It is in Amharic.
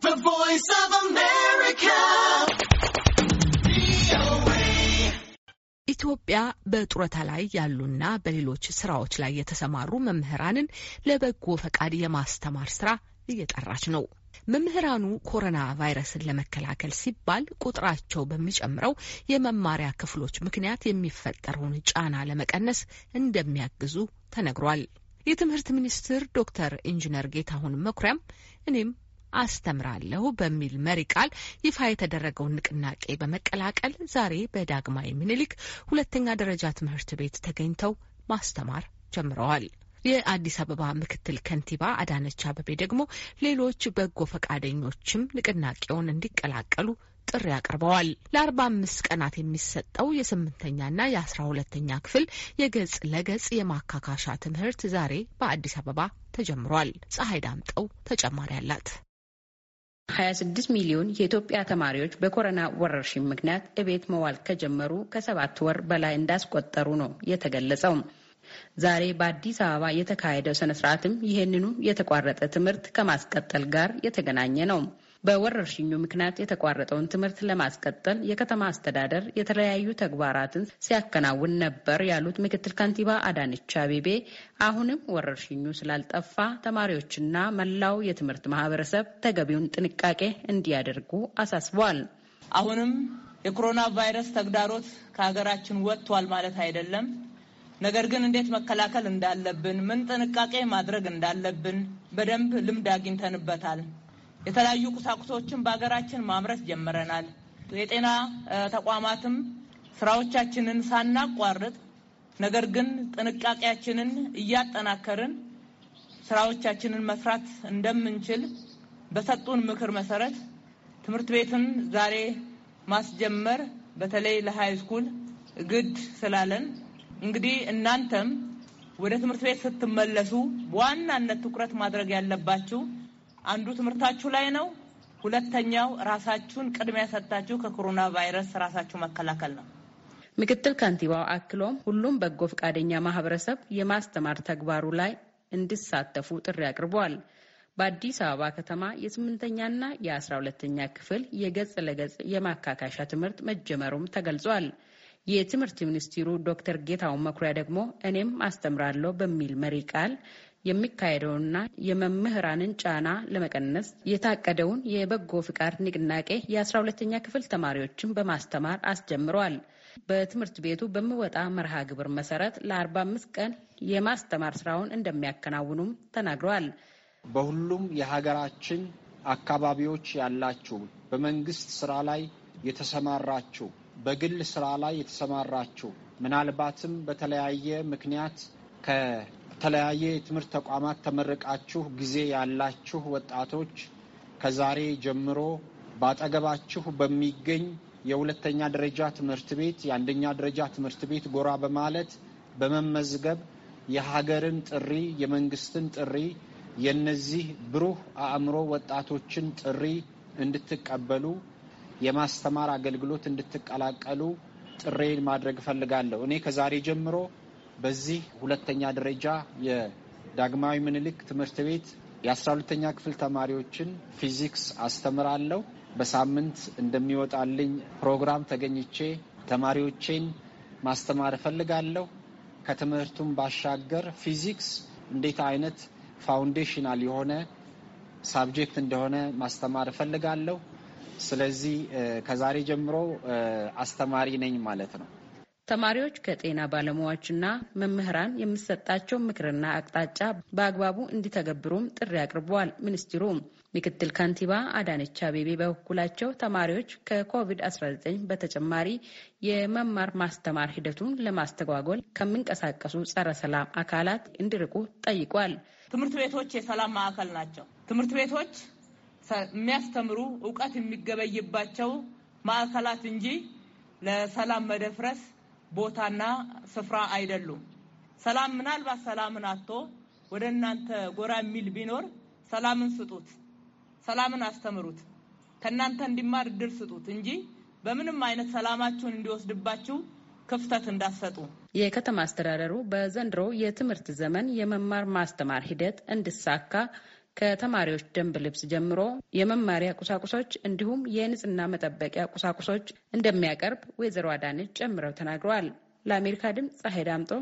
The Voice of America. ኢትዮጵያ በጡረታ ላይ ያሉና በሌሎች ስራዎች ላይ የተሰማሩ መምህራንን ለበጎ ፈቃድ የማስተማር ስራ እየጠራች ነው። መምህራኑ ኮሮና ቫይረስን ለመከላከል ሲባል ቁጥራቸው በሚጨምረው የመማሪያ ክፍሎች ምክንያት የሚፈጠረውን ጫና ለመቀነስ እንደሚያግዙ ተነግሯል። የትምህርት ሚኒስትር ዶክተር ኢንጂነር ጌታሁን መኩሪያም እኔም አስተምራለሁ በሚል መሪ ቃል ይፋ የተደረገውን ንቅናቄ በመቀላቀል ዛሬ በዳግማዊ ምኒልክ ሁለተኛ ደረጃ ትምህርት ቤት ተገኝተው ማስተማር ጀምረዋል። የአዲስ አበባ ምክትል ከንቲባ አዳነች አበቤ ደግሞ ሌሎች በጎ ፈቃደኞችም ንቅናቄውን እንዲቀላቀሉ ጥሪ አቅርበዋል። ለአርባ አምስት ቀናት የሚሰጠው የስምንተኛና የአስራ ሁለተኛ ክፍል የገጽ ለገጽ የማካካሻ ትምህርት ዛሬ በአዲስ አበባ ተጀምሯል። ፀሐይ ዳምጠው ተጨማሪ አላት። 26 ሚሊዮን የኢትዮጵያ ተማሪዎች በኮረና ወረርሽኝ ምክንያት እቤት መዋል ከጀመሩ ከሰባት ወር በላይ እንዳስቆጠሩ ነው የተገለጸው። ዛሬ በአዲስ አበባ የተካሄደው ስነስርዓትም ይህንኑ የተቋረጠ ትምህርት ከማስቀጠል ጋር የተገናኘ ነው። በወረርሽኙ ምክንያት የተቋረጠውን ትምህርት ለማስቀጠል የከተማ አስተዳደር የተለያዩ ተግባራትን ሲያከናውን ነበር ያሉት ምክትል ከንቲባ አዳነች አቤቤ አሁንም ወረርሽኙ ስላልጠፋ ተማሪዎችና መላው የትምህርት ማህበረሰብ ተገቢውን ጥንቃቄ እንዲያደርጉ አሳስበዋል። አሁንም የኮሮና ቫይረስ ተግዳሮት ከሀገራችን ወጥቷል ማለት አይደለም። ነገር ግን እንዴት መከላከል እንዳለብን፣ ምን ጥንቃቄ ማድረግ እንዳለብን በደንብ ልምድ አግኝተንበታል። የተለያዩ ቁሳቁሶችን በሀገራችን ማምረት ጀምረናል። የጤና ተቋማትም ስራዎቻችንን ሳናቋርጥ ነገር ግን ጥንቃቄያችንን እያጠናከርን ስራዎቻችንን መስራት እንደምንችል በሰጡን ምክር መሰረት ትምህርት ቤትን ዛሬ ማስጀመር በተለይ ለሃይ ስኩል ግድ ስላለን እንግዲህ እናንተም ወደ ትምህርት ቤት ስትመለሱ በዋናነት ትኩረት ማድረግ ያለባችሁ አንዱ ትምህርታችሁ ላይ ነው። ሁለተኛው ራሳችሁን ቅድሚያ ሰጥታችሁ ከኮሮና ቫይረስ ራሳችሁ መከላከል ነው። ምክትል ከንቲባው አክሎም ሁሉም በጎ ፈቃደኛ ማህበረሰብ የማስተማር ተግባሩ ላይ እንዲሳተፉ ጥሪ አቅርበዋል። በአዲስ አበባ ከተማ የስምንተኛና የአስራ ሁለተኛ ክፍል የገጽ ለገጽ የማካካሻ ትምህርት መጀመሩም ተገልጿል። የትምህርት ሚኒስትሩ ዶክተር ጌታውን መኩሪያ ደግሞ እኔም አስተምራለሁ በሚል መሪ ቃል የሚካሄደውንና የመምህራንን ጫና ለመቀነስ የታቀደውን የበጎ ፍቃድ ንቅናቄ የ 12 ተኛ ክፍል ተማሪዎችን በማስተማር አስጀምረዋል። በትምህርት ቤቱ በሚወጣ መርሃ ግብር መሰረት ለ45 ቀን የማስተማር ስራውን እንደሚያከናውኑም ተናግረዋል። በሁሉም የሀገራችን አካባቢዎች ያላችሁ በመንግስት ስራ ላይ የተሰማራችሁ፣ በግል ስራ ላይ የተሰማራችሁ ምናልባትም በተለያየ ምክንያት ከተለያየ የትምህርት ተቋማት ተመርቃችሁ ጊዜ ያላችሁ ወጣቶች ከዛሬ ጀምሮ በአጠገባችሁ በሚገኝ የሁለተኛ ደረጃ ትምህርት ቤት፣ የአንደኛ ደረጃ ትምህርት ቤት ጎራ በማለት በመመዝገብ የሀገርን ጥሪ፣ የመንግስትን ጥሪ፣ የነዚህ ብሩህ አእምሮ ወጣቶችን ጥሪ እንድትቀበሉ የማስተማር አገልግሎት እንድትቀላቀሉ ጥሬን ማድረግ እፈልጋለሁ። እኔ ከዛሬ ጀምሮ በዚህ ሁለተኛ ደረጃ የዳግማዊ ምኒልክ ትምህርት ቤት የ12ተኛ ክፍል ተማሪዎችን ፊዚክስ አስተምራለሁ። በሳምንት እንደሚወጣልኝ ፕሮግራም ተገኝቼ ተማሪዎቼን ማስተማር እፈልጋለሁ። ከትምህርቱም ባሻገር ፊዚክስ እንዴት አይነት ፋውንዴሽናል የሆነ ሳብጀክት እንደሆነ ማስተማር እፈልጋለሁ። ስለዚህ ከዛሬ ጀምሮ አስተማሪ ነኝ ማለት ነው። ተማሪዎች ከጤና ባለሙያዎችና መምህራን የሚሰጣቸው ምክርና አቅጣጫ በአግባቡ እንዲተገብሩም ጥሪ አቅርበዋል። ሚኒስትሩ ምክትል ከንቲባ አዳነች አቤቤ በበኩላቸው ተማሪዎች ከኮቪድ-19 በተጨማሪ የመማር ማስተማር ሂደቱን ለማስተጓጎል ከሚንቀሳቀሱ ጸረ ሰላም አካላት እንዲርቁ ጠይቋል። ትምህርት ቤቶች የሰላም ማዕከል ናቸው። ትምህርት ቤቶች የሚያስተምሩ እውቀት የሚገበይባቸው ማዕከላት እንጂ ለሰላም መደፍረስ ቦታና ስፍራ አይደሉም። ሰላም ምናልባት ሰላምን አቶ ወደ እናንተ ጎራ የሚል ቢኖር ሰላምን ስጡት፣ ሰላምን አስተምሩት፣ ከእናንተ እንዲማር እድል ስጡት እንጂ በምንም አይነት ሰላማችሁን እንዲወስድባችሁ ክፍተት እንዳሰጡ የከተማ አስተዳደሩ በዘንድሮ የትምህርት ዘመን የመማር ማስተማር ሂደት እንድሳካ ከተማሪዎች ደንብ ልብስ ጀምሮ የመማሪያ ቁሳቁሶች እንዲሁም የንጽህና መጠበቂያ ቁሳቁሶች እንደሚያቀርብ ወይዘሮ አዳነች ጨምረው ተናግረዋል። ለአሜሪካ ድምፅ ፀሐይ ዳምጦ